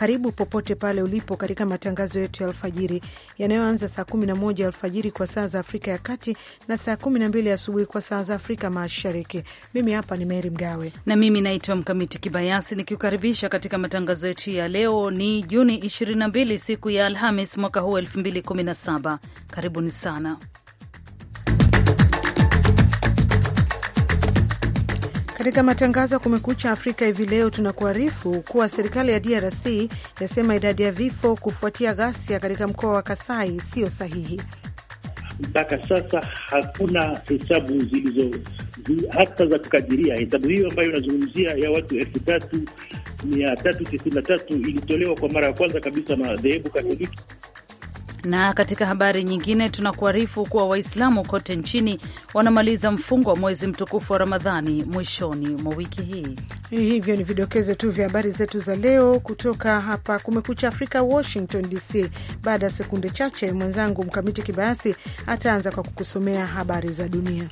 Karibu popote pale ulipo katika matangazo yetu ya alfajiri yanayoanza saa 11 alfajiri kwa saa za Afrika ya Kati na saa 12 asubuhi kwa saa za Afrika Mashariki. Mimi hapa ni Meri Mgawe na mimi naitwa Mkamiti Kibayasi nikiukaribisha katika matangazo yetu ya leo. Ni Juni 22 siku ya Alhamis mwaka huu 2017. Karibuni sana Katika matangazo ya Kumekucha Afrika hivi leo tunakuarifu kuwa serikali ya DRC yasema idadi ya vifo kufuatia ghasia katika mkoa wa Kasai siyo sahihi. Mpaka sasa hakuna hesabu zilizo hata za kukadiria. Hesabu hiyo ambayo inazungumzia ya watu elfu tatu mia tatu tisini na tatu ilitolewa kwa mara ya kwanza kabisa na dhehebu Katoliki. Na katika habari nyingine tunakuarifu kuwa Waislamu kote nchini wanamaliza mfungo wa mwezi mtukufu wa Ramadhani mwishoni mwa wiki hii. Hivyo ni vidokezo tu vya habari zetu za leo kutoka hapa Kumekucha Afrika, Washington DC. Baada ya sekunde chache, mwenzangu Mkamiti Kibayasi ataanza kwa kukusomea habari za dunia.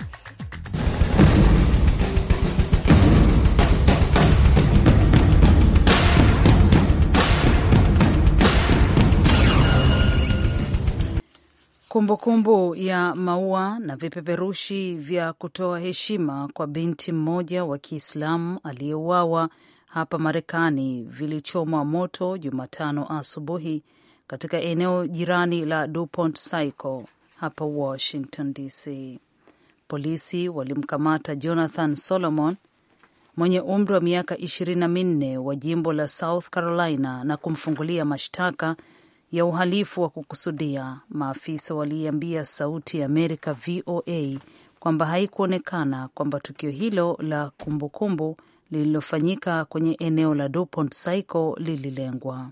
Kumbukumbu kumbu ya maua na vipeperushi vya kutoa heshima kwa binti mmoja wa Kiislamu aliyeuawa hapa Marekani vilichomwa moto Jumatano asubuhi katika eneo jirani la DuPont Circle hapa Washington DC. Polisi walimkamata Jonathan Solomon mwenye umri wa miaka ishirini na minne wa jimbo la South Carolina na kumfungulia mashtaka ya uhalifu wa kukusudia. Maafisa waliiambia Sauti ya Amerika VOA kwamba haikuonekana kwamba tukio hilo la kumbukumbu lililofanyika kwenye eneo la DuPont Circle lililengwa.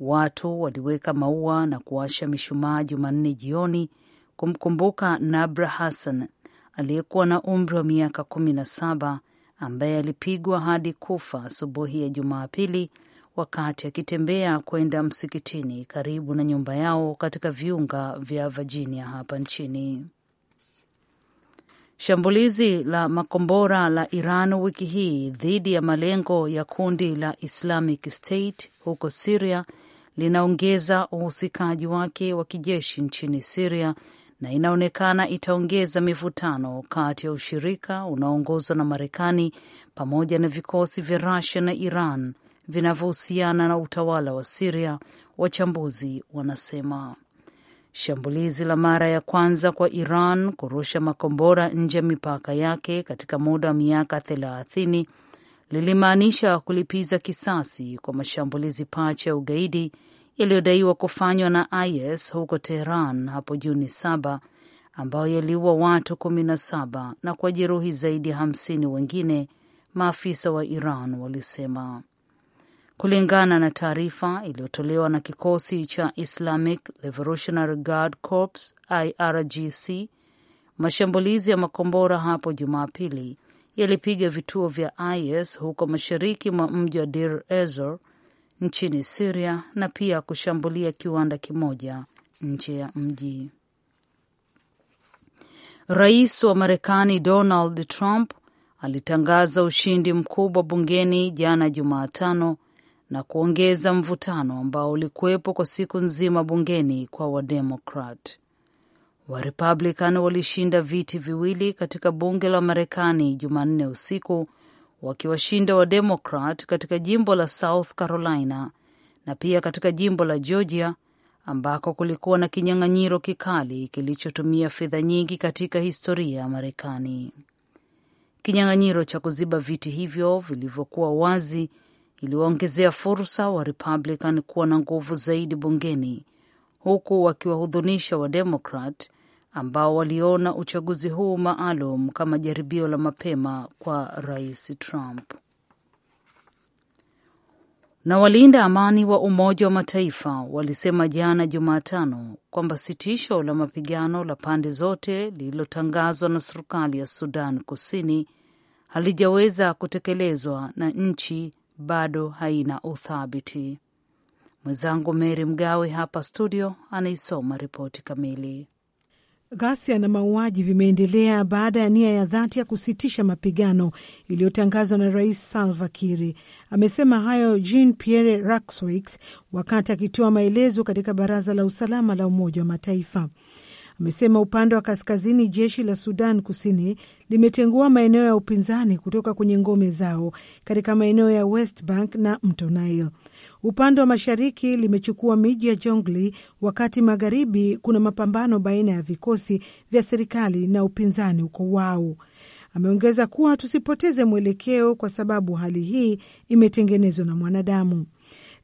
Watu waliweka maua na kuwasha mishumaa Jumanne jioni kumkumbuka Nabra Hassan aliyekuwa na umri wa miaka kumi na saba ambaye alipigwa hadi kufa asubuhi ya Jumapili wakati akitembea kwenda msikitini karibu na nyumba yao katika viunga vya Virginia hapa nchini. Shambulizi la makombora la Iran wiki hii dhidi ya malengo ya kundi la Islamic State huko Siria linaongeza uhusikaji wake wa kijeshi nchini Siria na inaonekana itaongeza mivutano kati ya ushirika unaoongozwa na Marekani pamoja na vikosi vya Rusia na Iran vinavyohusiana na utawala wa Siria, wachambuzi wanasema. Shambulizi la mara ya kwanza kwa Iran kurusha makombora nje ya mipaka yake katika muda wa miaka thelathini lilimaanisha kulipiza kisasi kwa mashambulizi pacha ya ugaidi yaliyodaiwa kufanywa na IS huko Teheran hapo Juni saba ambayo yaliua watu kumi na saba na kuwajeruhi zaidi ya hamsini wengine, maafisa wa Iran walisema kulingana na taarifa iliyotolewa na kikosi cha Islamic Revolutionary Guard Corps IRGC. Mashambulizi ya makombora hapo Jumapili yalipiga vituo vya IS huko mashariki mwa mji wa dir ezor nchini Siria na pia kushambulia kiwanda kimoja nje ya mji. Rais wa Marekani Donald Trump alitangaza ushindi mkubwa bungeni jana Jumatano na kuongeza mvutano ambao ulikuwepo kwa siku nzima bungeni kwa Wademokrat. Warepublican walishinda viti viwili katika bunge la Marekani Jumanne usiku wakiwashinda Wademokrat katika jimbo la South Carolina na pia katika jimbo la Georgia ambako kulikuwa na kinyang'anyiro kikali kilichotumia fedha nyingi katika historia ya Marekani. Kinyang'anyiro cha kuziba viti hivyo vilivyokuwa wazi iliwaongezea fursa wa Republican kuwa na nguvu zaidi bungeni huku wakiwahudhunisha Wademokrat ambao waliona uchaguzi huu maalum kama jaribio la mapema kwa Rais Trump. Na walinda amani wa Umoja wa Mataifa walisema jana Jumatano kwamba sitisho la mapigano la pande zote lililotangazwa na serikali ya Sudan Kusini halijaweza kutekelezwa na nchi bado haina uthabiti. Mwenzangu Mary Mgawe hapa studio anaisoma ripoti kamili. Ghasia na mauaji vimeendelea baada ya nia ya dhati ya kusitisha mapigano iliyotangazwa na Rais Salva Kiir. Amesema hayo Jean Pierre Raxoix wakati akitoa maelezo katika Baraza la Usalama la Umoja wa Mataifa amesema upande wa kaskazini jeshi la Sudan Kusini limetengua maeneo ya upinzani kutoka kwenye ngome zao katika maeneo ya West Bank na mto Nile. Upande wa mashariki limechukua miji ya Jongli, wakati magharibi kuna mapambano baina ya vikosi vya serikali na upinzani uko wao. Ameongeza kuwa tusipoteze mwelekeo, kwa sababu hali hii imetengenezwa na mwanadamu.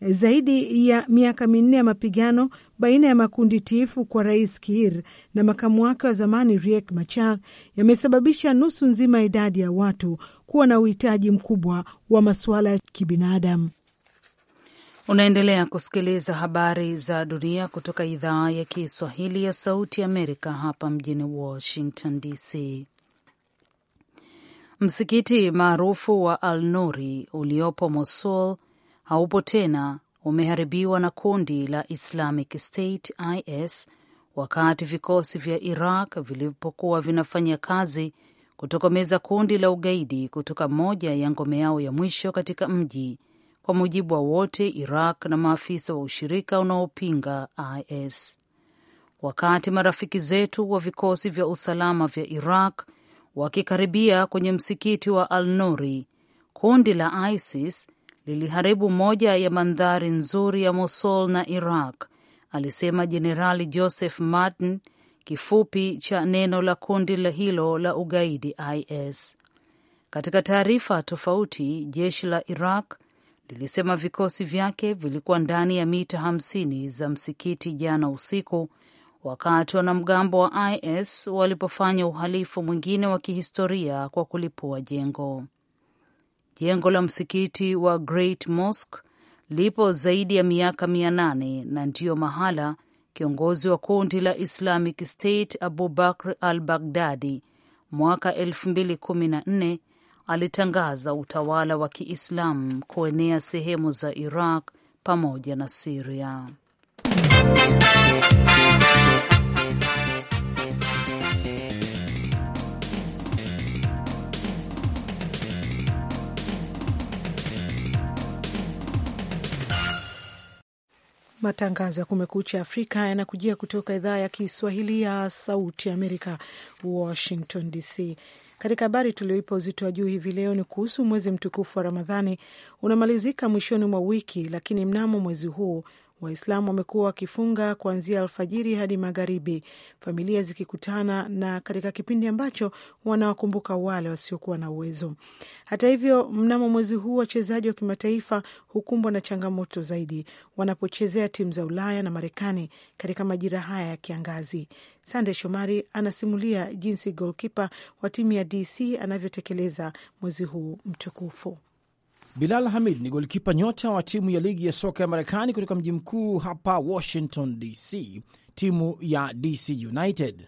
Zaidi ya miaka minne ya mapigano baina ya makundi tiifu kwa rais Kiir na makamu wake wa zamani Riek Machar yamesababisha nusu nzima ya idadi ya watu kuwa na uhitaji mkubwa wa masuala ya kibinadamu. Unaendelea kusikiliza habari za dunia kutoka idhaa ya Kiswahili ya Sauti Amerika hapa mjini Washington DC. Msikiti maarufu wa Al Nuri uliopo Mosul haupo tena, umeharibiwa na kundi la Islamic State IS wakati vikosi vya Iraq vilipokuwa vinafanya kazi kutokomeza kundi la ugaidi kutoka moja ya ngome yao ya mwisho katika mji, kwa mujibu wa wote Iraq na maafisa wa ushirika unaopinga IS. Wakati marafiki zetu wa vikosi vya usalama vya Iraq wakikaribia kwenye msikiti wa Al Nuri, kundi la ISIS liliharibu moja ya mandhari nzuri ya Mosul na Iraq, alisema Jenerali Joseph Martin, kifupi cha neno la kundi la hilo la ugaidi IS. Katika taarifa tofauti, jeshi la Iraq lilisema vikosi vyake vilikuwa ndani ya mita 50 za msikiti jana usiku, wakati wanamgambo wa IS walipofanya uhalifu mwingine wa kihistoria kwa kulipua jengo. Jengo la msikiti wa Great Mosque lipo zaidi ya miaka mia nane na ndiyo mahala kiongozi wa kundi la Islamic State Abu Bakr al Baghdadi mwaka 2014 alitangaza utawala wa Kiislamu kuenea sehemu za Iraq pamoja na Siria. Matangazo ya Kumekucha Afrika yanakujia kutoka idhaa ya Kiswahili ya Sauti Amerika, Washington DC. Katika habari tulioipa uzito wa juu hivi leo ni kuhusu mwezi mtukufu wa Ramadhani. Unamalizika mwishoni mwa wiki, lakini mnamo mwezi huu Waislamu wamekuwa wakifunga kuanzia alfajiri hadi magharibi, familia zikikutana na katika kipindi ambacho wanawakumbuka wale wasiokuwa na uwezo. Hata hivyo, mnamo mwezi huu wachezaji wa kimataifa hukumbwa na changamoto zaidi wanapochezea timu za Ulaya na Marekani katika majira haya ya kiangazi. Sande Shomari anasimulia jinsi golkipa wa timu ya DC anavyotekeleza mwezi huu mtukufu. Bilal Hamid ni golikipa nyota wa timu ya ligi ya soka ya Marekani kutoka mji mkuu hapa Washington DC, timu ya DC United.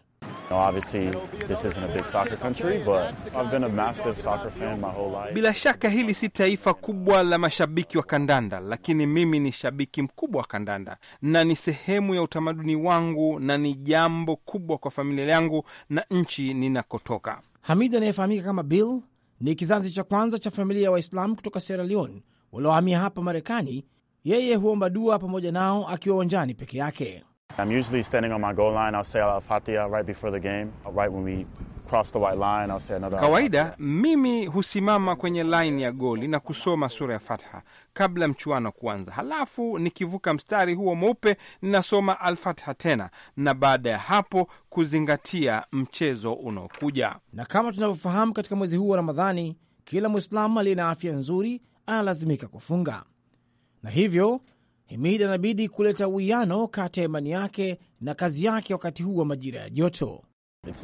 Bila shaka hili si taifa kubwa la mashabiki wa kandanda, lakini mimi ni shabiki mkubwa wa kandanda na ni sehemu ya utamaduni wangu na ni jambo kubwa kwa familia yangu na nchi ninakotoka. Hamid anayefahamika kama Bill ni kizazi cha kwanza cha familia ya wa Waislamu kutoka Sierra Leone waliohamia hapa Marekani. Yeye huomba dua pamoja nao akiwa uwanjani peke yake. I'm usually standing on my goal line. I'll say al-Fatiha right before the game, right when we cross the white line, I'll say another. Kawaida mimi husimama kwenye line ya goli na kusoma sura ya Fatiha kabla mchuano kuanza. Halafu nikivuka mstari huo mweupe ninasoma al-Fatiha tena na baada ya hapo kuzingatia mchezo unaokuja. Na kama tunavyofahamu, katika mwezi huu wa Ramadhani, kila Mwislamu aliye na afya nzuri analazimika kufunga. Na hivyo Himid anabidi kuleta uwiano kati ya imani yake na kazi yake wakati huu wa majira ya joto. Uh,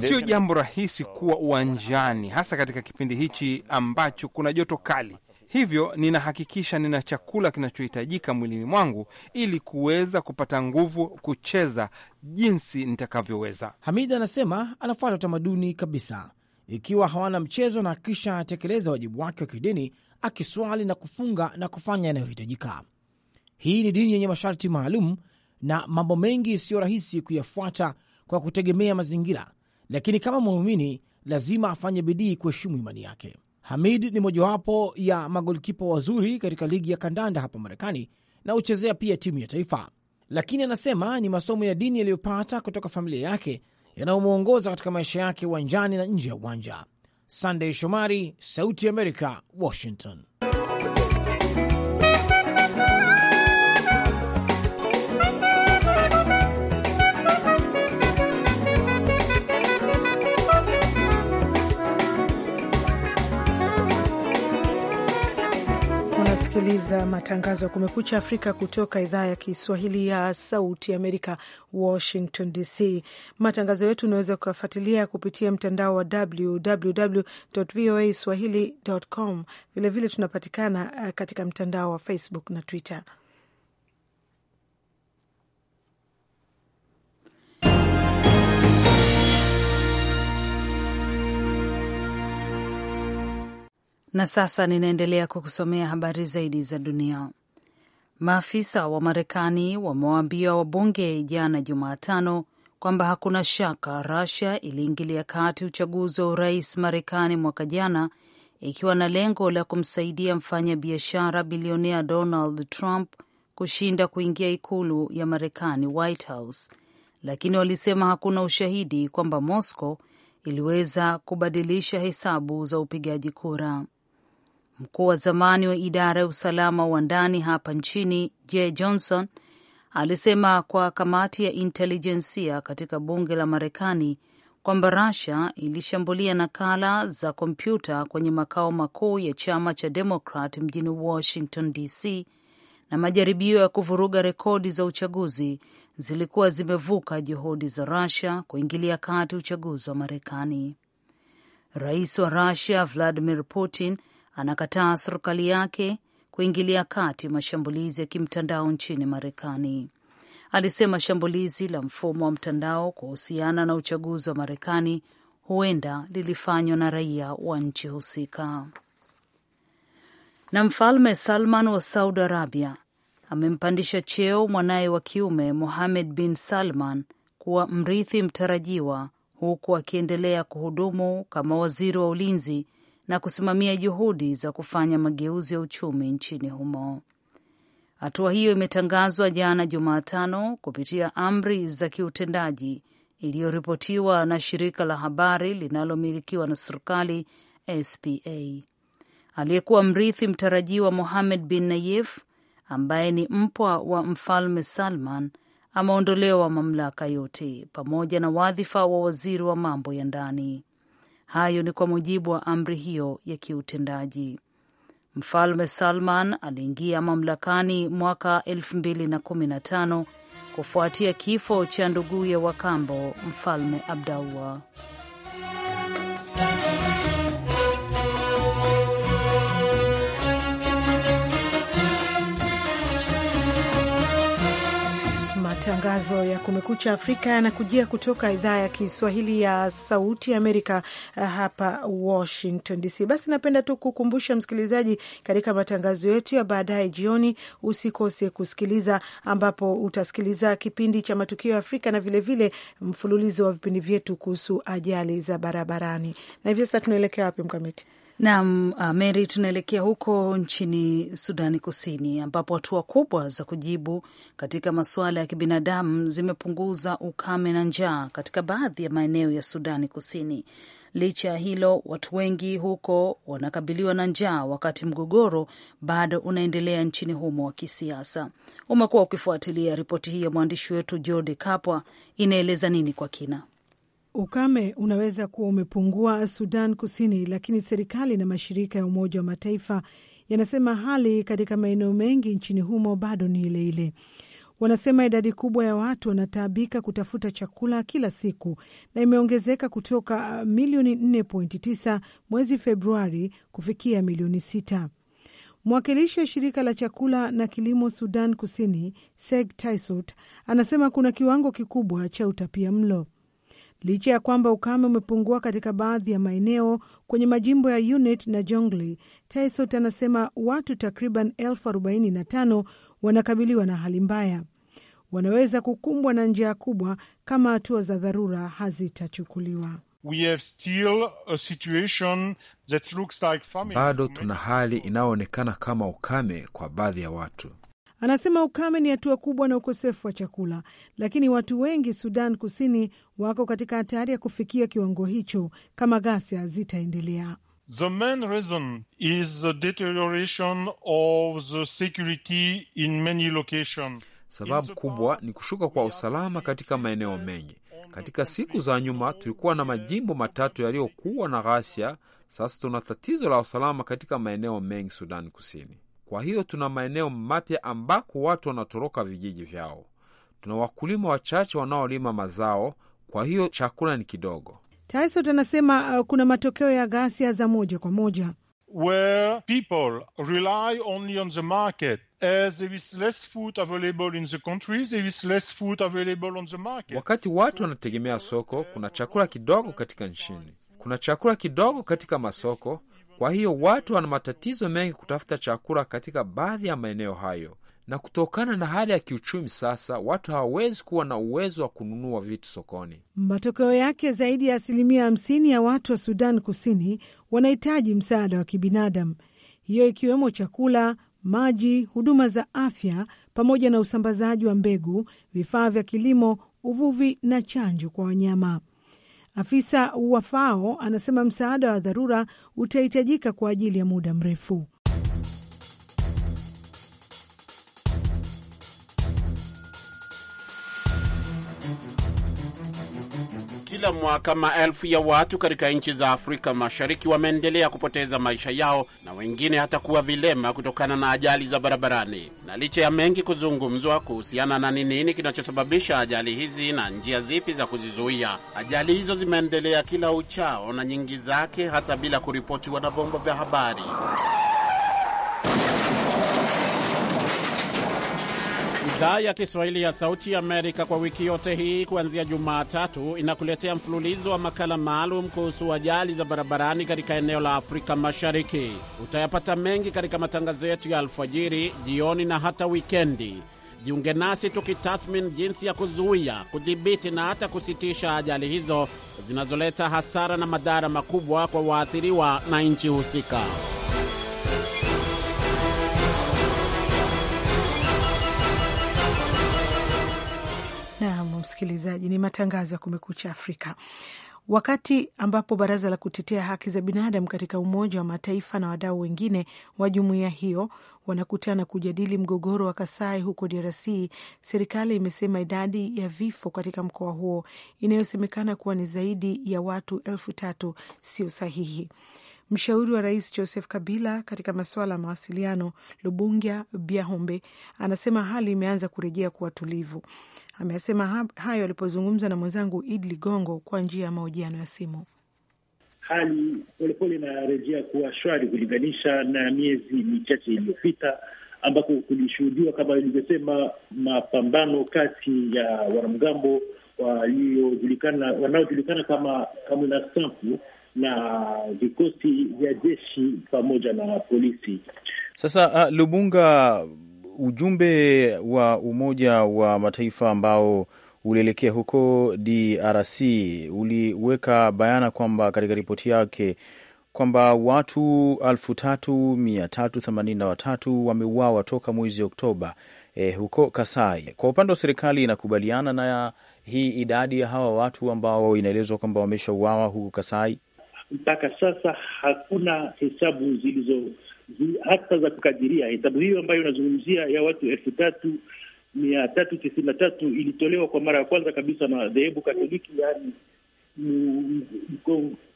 Sio jambo rahisi kuwa uwanjani, hasa katika kipindi hichi ambacho kuna joto kali. Hivyo ninahakikisha nina chakula kinachohitajika mwilini mwangu ili kuweza kupata nguvu kucheza jinsi nitakavyoweza. Hamid anasema anafuata utamaduni kabisa ikiwa hawana mchezo na kisha atekeleza wajibu wake wa kidini akiswali na kufunga na kufanya yanayohitajika. Hii ni dini yenye masharti maalum na mambo mengi isiyo rahisi kuyafuata kwa kutegemea mazingira, lakini kama muumini lazima afanye bidii kuheshimu imani yake. Hamid ni mojawapo ya magolkipa wazuri katika ligi ya kandanda hapa Marekani na huchezea pia timu ya taifa, lakini anasema ni masomo ya dini yaliyopata kutoka familia yake yanayomwongoza katika maisha yake uwanjani na nje ya uwanja. Sandey Shomari, Sauti ya Amerika, Washington. unasikiliza matangazo ya Kumekucha Afrika kutoka idhaa ya Kiswahili ya Sauti Amerika, Washington DC. Matangazo yetu unaweza kuyafuatilia kupitia mtandao wa www voa swahili com. Vilevile tunapatikana eh, katika mtandao wa Facebook na Twitter. Na sasa ninaendelea kukusomea habari zaidi za dunia. Maafisa wa Marekani wamewaambia wabunge jana Jumatano kwamba hakuna shaka Russia iliingilia kati uchaguzi wa urais Marekani mwaka jana ikiwa na lengo la kumsaidia mfanya biashara bilionea Donald Trump kushinda kuingia ikulu ya Marekani, White House, lakini walisema hakuna ushahidi kwamba Moscow iliweza kubadilisha hesabu za upigaji kura. Mkuu wa zamani wa idara ya usalama wa ndani hapa nchini J Johnson alisema kwa kamati ya intelijensia katika bunge la Marekani kwamba Russia ilishambulia nakala za kompyuta kwenye makao makuu ya chama cha Demokrat mjini Washington DC, na majaribio ya kuvuruga rekodi za uchaguzi zilikuwa zimevuka juhudi za Russia kuingilia kati uchaguzi wa Marekani. Rais wa Russia Vladimir Putin anakataa serikali yake kuingilia kati mashambulizi ya kimtandao nchini Marekani. Alisema shambulizi la mfumo wa mtandao kuhusiana na uchaguzi wa Marekani huenda lilifanywa na raia wa nchi husika. Na Mfalme Salman wa Saudi Arabia amempandisha cheo mwanaye wa kiume muhamed bin Salman kuwa mrithi mtarajiwa huku akiendelea kuhudumu kama waziri wa ulinzi na kusimamia juhudi za kufanya mageuzi ya uchumi nchini humo. Hatua hiyo imetangazwa jana Jumatano kupitia amri za kiutendaji iliyoripotiwa na shirika la habari linalomilikiwa na serikali SPA. Aliyekuwa mrithi mtarajiwa Mohamed bin Nayef ambaye ni mpwa wa mfalme Salman ameondolewa mamlaka yote pamoja na wadhifa wa waziri wa mambo ya ndani. Hayo ni kwa mujibu wa amri hiyo ya kiutendaji. Mfalme Salman aliingia mamlakani mwaka 2015 kufuatia kifo cha nduguye wa kambo Mfalme abdallah Matangazo ya Kumekucha Afrika yanakujia kutoka idhaa ya Kiswahili ya Sauti Amerika eh, hapa Washington DC. Basi napenda tu kukumbusha msikilizaji, katika matangazo yetu ya baadaye jioni, usikose kusikiliza, ambapo utasikiliza kipindi cha Matukio ya Afrika na vilevile mfululizo wa vipindi vyetu kuhusu ajali za barabarani. Na hivi sasa tunaelekea wapi, Mkamiti? Naam, uh, Mary, tunaelekea huko nchini Sudani Kusini ambapo hatua kubwa za kujibu katika masuala ya kibinadamu zimepunguza ukame na njaa katika baadhi ya maeneo ya Sudani Kusini. Licha ya hilo, watu wengi huko wanakabiliwa na njaa, wakati mgogoro bado unaendelea nchini humo wa kisiasa. Umekuwa ukifuatilia ripoti hii ya mwandishi wetu Jordi Kapwa, inaeleza nini kwa kina? Ukame unaweza kuwa umepungua Sudan Kusini, lakini serikali na mashirika ya Umoja wa Mataifa yanasema hali katika maeneo mengi nchini humo bado ni ile ile. Wanasema idadi kubwa ya watu wanataabika kutafuta chakula kila siku na imeongezeka kutoka uh, milioni 4.9 mwezi Februari kufikia milioni 6 Mwakilishi wa shirika la chakula na kilimo Sudan Kusini, Seg Tisot, anasema kuna kiwango kikubwa cha utapia mlo licha ya kwamba ukame umepungua katika baadhi ya maeneo kwenye majimbo ya Unit na jongly Taisot anasema watu takriban elfu arobaini na tano wanakabiliwa na hali mbaya, wanaweza kukumbwa na njaa kubwa kama hatua za dharura hazitachukuliwa. Like, bado tuna hali inayoonekana kama ukame kwa baadhi ya watu. Anasema ukame ni hatua kubwa na ukosefu wa chakula, lakini watu wengi Sudan Kusini wako katika hatari ya kufikia kiwango hicho kama ghasia zitaendelea. The main reason is the deterioration of the security in many locations. Sababu kubwa ni kushuka kwa usalama katika maeneo mengi. Katika siku za nyuma tulikuwa na majimbo matatu yaliyokuwa na ghasia. Sasa tuna tatizo la usalama katika maeneo mengi sudani Kusini. Kwa hiyo tuna maeneo mapya ambako watu wanatoroka vijiji vyao. Tuna wakulima wachache wanaolima mazao, kwa hiyo chakula ni kidogo. Tyson anasema uh, kuna matokeo ya ghasia za moja kwa moja where people rely only on the market as there is less food available in the there is less food available on the market. Wakati watu wanategemea soko, kuna chakula kidogo katika nchini, kuna chakula kidogo katika masoko, kwa hiyo watu wana matatizo mengi kutafuta chakula katika baadhi ya maeneo hayo, na kutokana na hali ya kiuchumi sasa, watu hawawezi kuwa na uwezo wa kununua vitu sokoni. Matokeo yake, zaidi ya asilimia hamsini ya watu wa Sudan Kusini wanahitaji msaada wa kibinadamu, hiyo ikiwemo chakula, maji, huduma za afya, pamoja na usambazaji wa mbegu, vifaa vya kilimo, uvuvi na chanjo kwa wanyama. Afisa wa FAO anasema msaada wa dharura utahitajika kwa ajili ya muda mrefu. kila mwaka maelfu ya watu katika nchi za Afrika Mashariki wameendelea kupoteza maisha yao na wengine hata kuwa vilema kutokana na ajali za barabarani. Na licha ya mengi kuzungumzwa kuhusiana na ni nini kinachosababisha ajali hizi na njia zipi za kuzizuia, ajali hizo zimeendelea kila uchao na nyingi zake hata bila kuripotiwa na vyombo vya habari. Idhaa ya Kiswahili ya Sauti ya Amerika kwa wiki yote hii kuanzia Jumatatu inakuletea mfululizo wa makala maalum kuhusu ajali za barabarani katika eneo la Afrika Mashariki. Utayapata mengi katika matangazo yetu ya alfajiri, jioni na hata wikendi. Jiunge nasi tukitathmini jinsi ya kuzuia, kudhibiti na hata kusitisha ajali hizo zinazoleta hasara na madhara makubwa kwa waathiriwa na nchi husika. msikilizaji, ni matangazo ya Kumekucha Afrika. Wakati ambapo baraza la kutetea haki za binadamu katika Umoja wa Mataifa na wadau wengine wa jumuiya hiyo wanakutana kujadili mgogoro wa Kasai huko DRC, serikali imesema idadi ya vifo katika mkoa huo inayosemekana kuwa ni zaidi ya watu elfu tatu sio sahihi. Mshauri wa rais Joseph Kabila katika masuala ya mawasiliano Lubungia Biahombe anasema hali imeanza kurejea kuwa tulivu. Amesema hayo alipozungumza na mwenzangu Idi Ligongo kwa njia ya mahojiano ya simu. Hali polepole inarejea kuwa shwari kulinganisha na miezi michache iliyopita ambako kulishuhudiwa kama ilivyosema mapambano kati ya wanamgambo waliojulikana wanaojulikana kama Kamwina Nsapu na vikosi vya jeshi pamoja na polisi. Sasa uh, Lubunga ujumbe wa Umoja wa Mataifa ambao ulielekea huko DRC uliweka bayana kwamba katika ripoti yake kwamba watu 3383 tatu mia tatu themanini na watatu wameuawa toka mwezi Oktoba e, huko Kasai. Kwa upande wa serikali inakubaliana na hii idadi ya hawa watu ambao inaelezwa kwamba wameshauawa huko Kasai. Mpaka sasa hakuna hesabu zilizo hata za kukadiria. Hesabu hiyo ambayo inazungumzia ya watu elfu tatu mia tatu tisini na tatu ilitolewa kwa mara ya kwanza kabisa na dhehebu Katoliki, yaani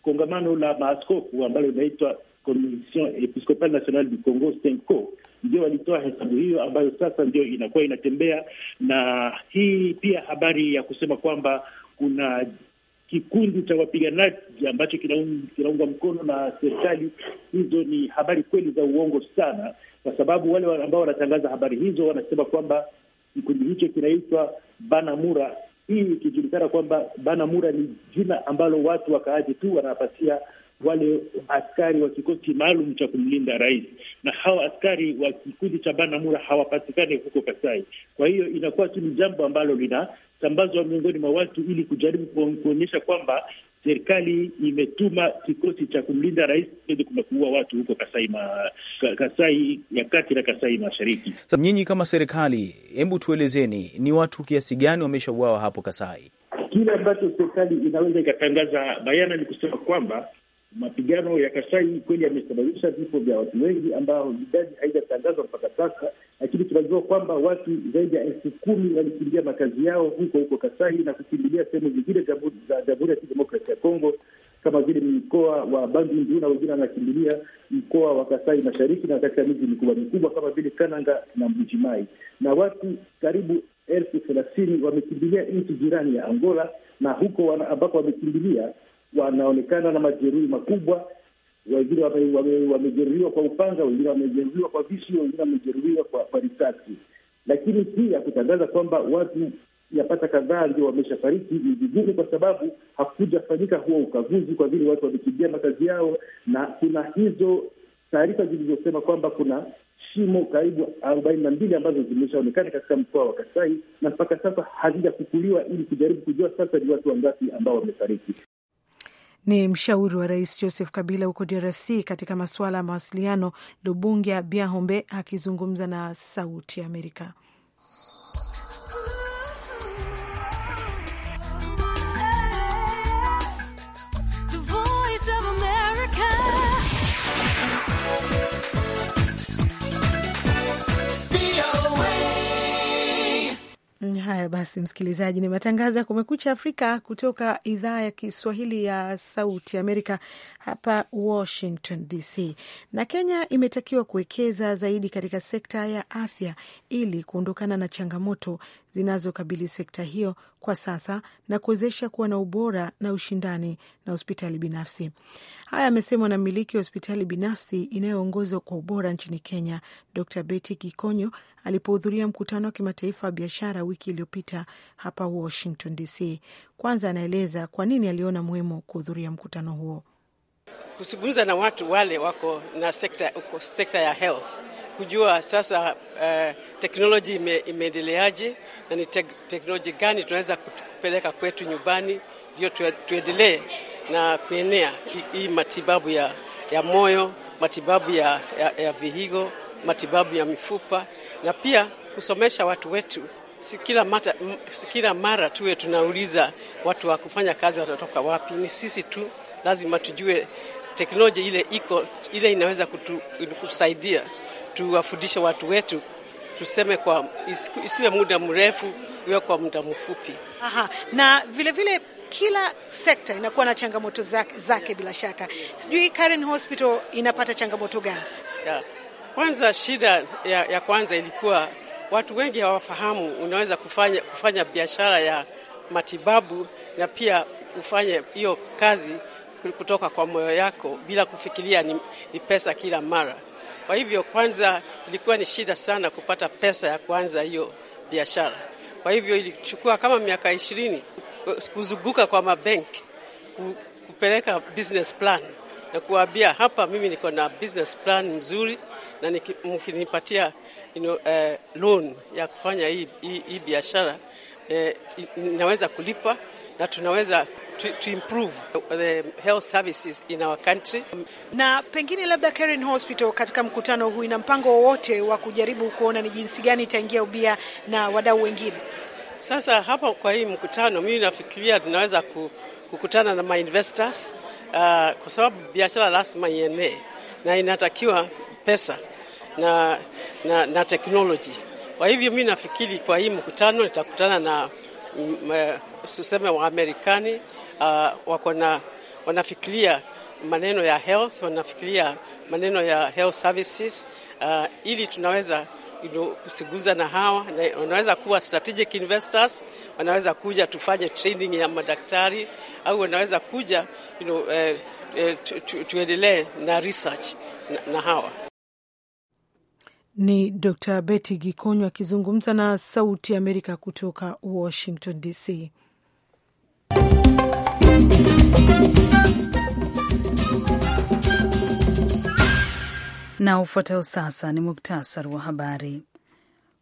kongamano la maaskofu ambalo linaitwa Commission Episcopale Nationale du Congo CENCO, ndio walitoa hesabu hiyo ambayo sasa ndio inakuwa inatembea. Na hii pia habari ya kusema kwamba kuna kikundi cha wapiganaji ambacho kinaungwa mkono na serikali. Hizo ni habari kweli za uongo sana, kwa sababu wale ambao wanatangaza habari hizo wanasema kwamba kikundi hicho kinaitwa Banamura, hii ikijulikana kwamba Banamura ni jina ambalo watu wakaaji tu wanapatia wale askari wa kikosi maalum cha kumlinda rais, na hawa askari wa kikundi cha Banamura hawapatikane huko Kasai. Kwa hiyo inakuwa tu ni jambo ambalo linasambazwa miongoni mwa watu ili kujaribu kuonyesha kwamba serikali imetuma kikosi cha kumlinda rais kiweze kumekuua watu huko Kasai, ma, Kasai ya kati na Kasai Mashariki. Nyinyi kama serikali, hebu tuelezeni ni watu kiasi gani wameshauawa hapo Kasai? Kile ambacho serikali inaweza ikatangaza bayana ni kusema kwamba mapigano ya Kasai kweli yamesababisha vifo vya watu wengi ambao idadi haijatangazwa mpaka sasa, lakini tunajua kwamba watu zaidi ya elfu kumi walikimbia makazi yao huko huko Kasai na kukimbilia sehemu zingine za Jamhuri ya Kidemokrasi ya Kongo kama vile mkoa wa Bandundu na wengine wanakimbilia mkoa wa Kasai Mashariki na katika miji mikubwa mikubwa kama vile Kananga na Mbujimai, na watu karibu elfu thelathini wamekimbilia nchi jirani ya Angola na huko ambako wamekimbilia wanaonekana na majeruhi makubwa. Wengine wamejeruhiwa kwa upanga, wengine wamejeruhiwa kwa visu, wengine wamejeruhiwa kwa risasi. Lakini pia kutangaza kwamba watu yapata kadhaa ndio wameshafariki ni vigumu, kwa sababu hakujafanyika huo ukaguzi, kwa vile watu wamekimbia makazi yao, na kuna hizo taarifa zilizosema kwamba kuna shimo karibu arobaini na mbili ambazo zimeshaonekana katika mkoa wa Kasai na mpaka sasa hazijafukuliwa ili kujaribu kujua sasa ni watu wangapi ambao wamefariki ni mshauri wa rais Joseph Kabila huko DRC katika masuala ya mawasiliano, Lubungia Biahombe akizungumza na Sauti Amerika. Haya basi, msikilizaji, ni matangazo ya Kumekucha Afrika kutoka idhaa ya Kiswahili ya Sauti Amerika hapa Washington DC. Na Kenya imetakiwa kuwekeza zaidi katika sekta ya afya ili kuondokana na changamoto zinazokabili sekta hiyo kwa sasa na kuwezesha kuwa na ubora na ushindani na hospitali binafsi. Haya amesemwa na mmiliki wa hospitali binafsi inayoongozwa kwa ubora nchini Kenya, Dr Betty Gikonyo alipohudhuria mkutano wa kimataifa wa biashara wiki iliyopita hapa Washington DC. Kwanza anaeleza kwa nini aliona muhimu kuhudhuria mkutano huo kusuguza na watu wale wako na sekta, uko sekta ya health kujua sasa uh, eh, teknoloji imeendeleaje na ni te teknoloji gani tunaweza kupeleka kwetu nyumbani, ndio tuendelee na kuenea hii matibabu ya, ya moyo, matibabu ya, ya, ya vihigo, matibabu ya mifupa na pia kusomesha watu wetu. Si mara, si kila mara tuwe tunauliza watu wa kufanya kazi watatoka wapi. Ni sisi tu lazima tujue teknolojia ile iko ile inaweza kutu, kutusaidia tuwafundishe watu wetu tuseme kwa isiwe muda mrefu, iwe kwa muda mfupi. Aha, na vilevile vile kila sekta inakuwa na changamoto zake, zake bila shaka. Sijui Karen Hospital inapata changamoto gani? Yeah. Kwanza shida ya, ya kwanza ilikuwa watu wengi hawafahamu unaweza kufanya, kufanya biashara ya matibabu na pia ufanye hiyo kazi kutoka kwa moyo yako bila kufikiria ni, ni pesa kila mara. Kwa hivyo kwanza ilikuwa ni shida sana kupata pesa ya kuanza hiyo biashara. Kwa hivyo ilichukua kama miaka ishirini eh, kuzunguka kwa mabenki kupeleka business plan na kuwaambia hapa, mimi niko na business plan mzuri na mkinipatia you know, eh, loan ya kufanya hii, hii, hii biashara eh, inaweza kulipa na tunaweza to improve the health services in our country. Na pengine labda Karen Hospital katika mkutano huu ina mpango wowote wa kujaribu kuona ni jinsi gani itaingia ubia na wadau wengine? Sasa hapa kwa hii mkutano, mimi nafikiria tunaweza kukutana na investors uh, kwa sababu biashara lazima ienee na inatakiwa pesa na, na, na teknoloji. Kwa hivyo mimi nafikiri kwa hii mkutano nitakutana na Eh, tuseme Waamerikani uh, wako na wanafikiria maneno ya health, wanafikiria maneno ya health services uh, ili tunaweza kusiguza na hawa na wanaweza kuwa strategic investors, wanaweza kuja tufanye training ya madaktari au wanaweza kuja you know, eh, eh, tuendelee na research na, na hawa ni Dr Betty Gikonywa akizungumza na Sauti ya Amerika kutoka Washington DC. Na ufuatao sasa ni muktasari wa habari.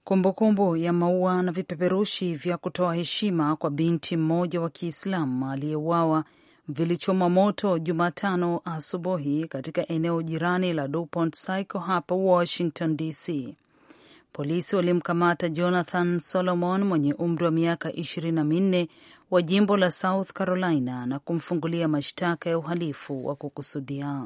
Kumbukumbu ya maua na vipeperushi vya kutoa heshima kwa binti mmoja wa Kiislamu aliyeuawa vilichoma moto Jumatano asubuhi katika eneo jirani la DuPont Circle hapa Washington DC. Polisi walimkamata Jonathan Solomon mwenye umri wa miaka ishirini na minne wa jimbo la South Carolina na kumfungulia mashtaka ya uhalifu wa kukusudia.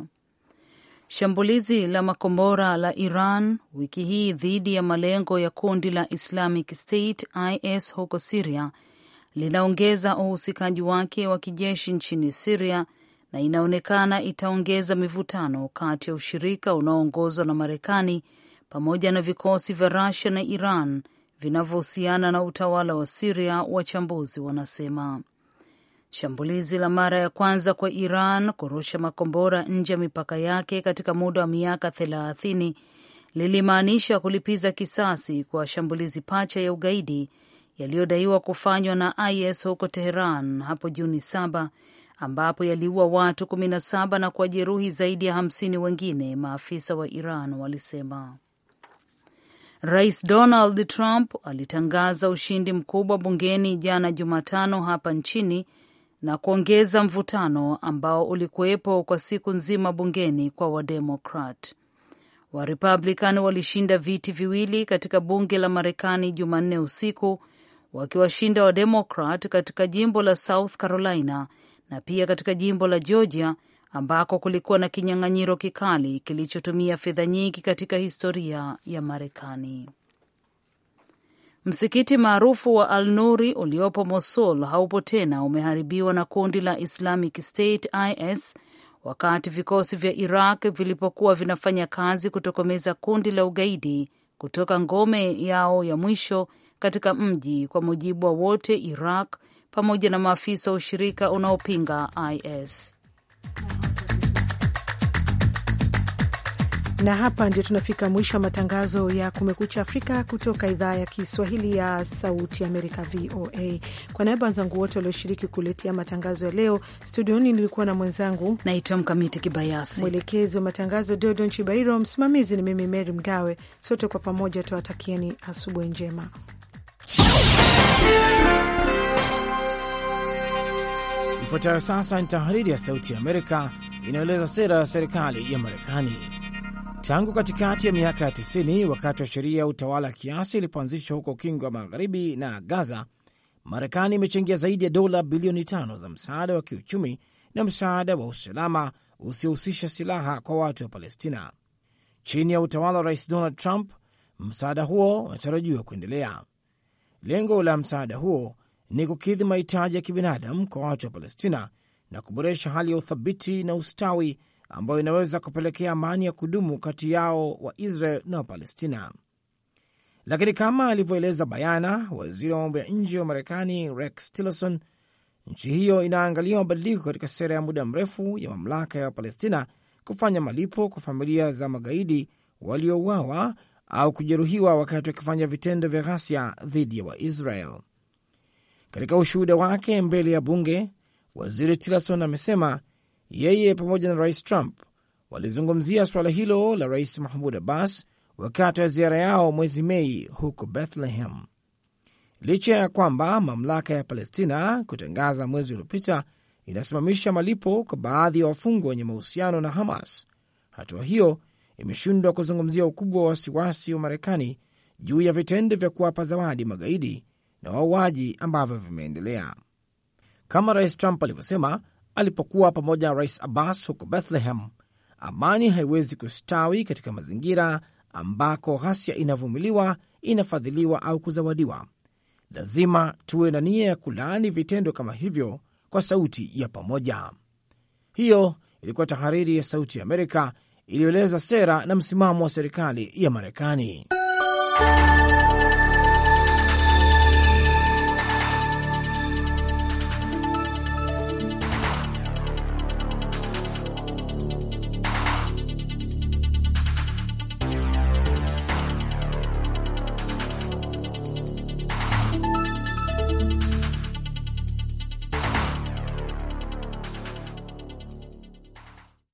Shambulizi la makombora la Iran wiki hii dhidi ya malengo ya kundi la Islamic State IS huko Siria linaongeza uhusikaji wake wa kijeshi nchini Siria na inaonekana itaongeza mivutano kati ya ushirika unaoongozwa na Marekani pamoja na vikosi vya Rusia na Iran vinavyohusiana na utawala wa Siria, wachambuzi wanasema. Shambulizi la mara ya kwanza kwa Iran kurusha makombora nje ya mipaka yake katika muda wa miaka thelathini lilimaanisha kulipiza kisasi kwa shambulizi pacha ya ugaidi yaliyodaiwa kufanywa na IS huko Teheran hapo Juni saba ambapo yaliua watu 17 na kuwajeruhi zaidi ya hamsini wengine, maafisa wa Iran walisema. Rais Donald Trump alitangaza ushindi mkubwa bungeni jana Jumatano hapa nchini na kuongeza mvutano ambao ulikuwepo kwa siku nzima bungeni kwa Wademokrat. Warepublican walishinda viti viwili katika bunge la Marekani Jumanne usiku wakiwashinda Wademokrat katika jimbo la South Carolina na pia katika jimbo la Georgia ambako kulikuwa na kinyang'anyiro kikali kilichotumia fedha nyingi katika historia ya Marekani. Msikiti maarufu wa Al Nuri uliopo Mosul haupo tena, umeharibiwa na kundi la Islamic State IS wakati vikosi vya Iraq vilipokuwa vinafanya kazi kutokomeza kundi la ugaidi kutoka ngome yao ya mwisho katika mji, kwa mujibu wa wote Iraq pamoja na maafisa wa ushirika unaopinga IS. Na hapa ndio tunafika mwisho wa matangazo ya Kumekucha Afrika kutoka idhaa ya Kiswahili ya Sauti Amerika, VOA. Kwa niaba wenzangu wote walioshiriki kuletea matangazo ya leo, studioni nilikuwa na mwenzangu naitwa Mkamiti Kibayasi, mwelekezi wa matangazo Dodon Chibairo, msimamizi ni mimi Meri Mgawe. Sote kwa pamoja tuwatakieni asubuhi njema. Ifuatayo sasa ni tahariri ya Sauti ya Amerika inayoeleza sera ya serikali ya Marekani. Tangu katikati ya miaka ya 90 wakati wa sheria ya utawala kiasi ilipoanzishwa huko Kingo ya Magharibi na Gaza, Marekani imechangia zaidi ya dola bilioni tano za msaada wa kiuchumi na msaada wa usalama usiohusisha silaha kwa watu wa Palestina. Chini ya utawala wa Rais Donald Trump, msaada huo unatarajiwa kuendelea. Lengo la msaada huo ni kukidhi mahitaji ya kibinadamu kwa watu wa Palestina na kuboresha hali ya uthabiti na ustawi ambayo inaweza kupelekea amani ya kudumu kati yao wa Israel na Wapalestina. Lakini kama alivyoeleza bayana waziri wa mambo ya nje wa Marekani Rex Tillerson, nchi hiyo inaangalia mabadiliko katika sera ya muda mrefu ya mamlaka ya Wapalestina kufanya malipo kwa familia za magaidi waliouawa au kujeruhiwa wakati wakifanya vitendo vya ghasia dhidi ya Waisrael. Katika ushuhuda wake mbele ya bunge, waziri Tillerson amesema yeye pamoja na rais Trump walizungumzia suala hilo la rais Mahmud Abbas wakati wa ziara yao mwezi Mei huko Bethlehem. Licha ya kwamba mamlaka ya Palestina kutangaza mwezi uliopita inasimamisha malipo kwa baadhi ya wafungwa wenye mahusiano na Hamas, hatua hiyo imeshindwa kuzungumzia ukubwa wa wasiwasi wa Marekani juu ya vitendo vya kuwapa zawadi magaidi na wauaji ambavyo vimeendelea. Kama Rais Trump alivyosema alipokuwa pamoja na Rais Abbas huko Bethlehem, amani haiwezi kustawi katika mazingira ambako ghasia inavumiliwa, inafadhiliwa au kuzawadiwa. Lazima tuwe na nia ya kulaani vitendo kama hivyo kwa sauti ya pamoja. Hiyo ilikuwa tahariri ya Sauti ya Amerika iliyoeleza sera na msimamo wa serikali ya Marekani.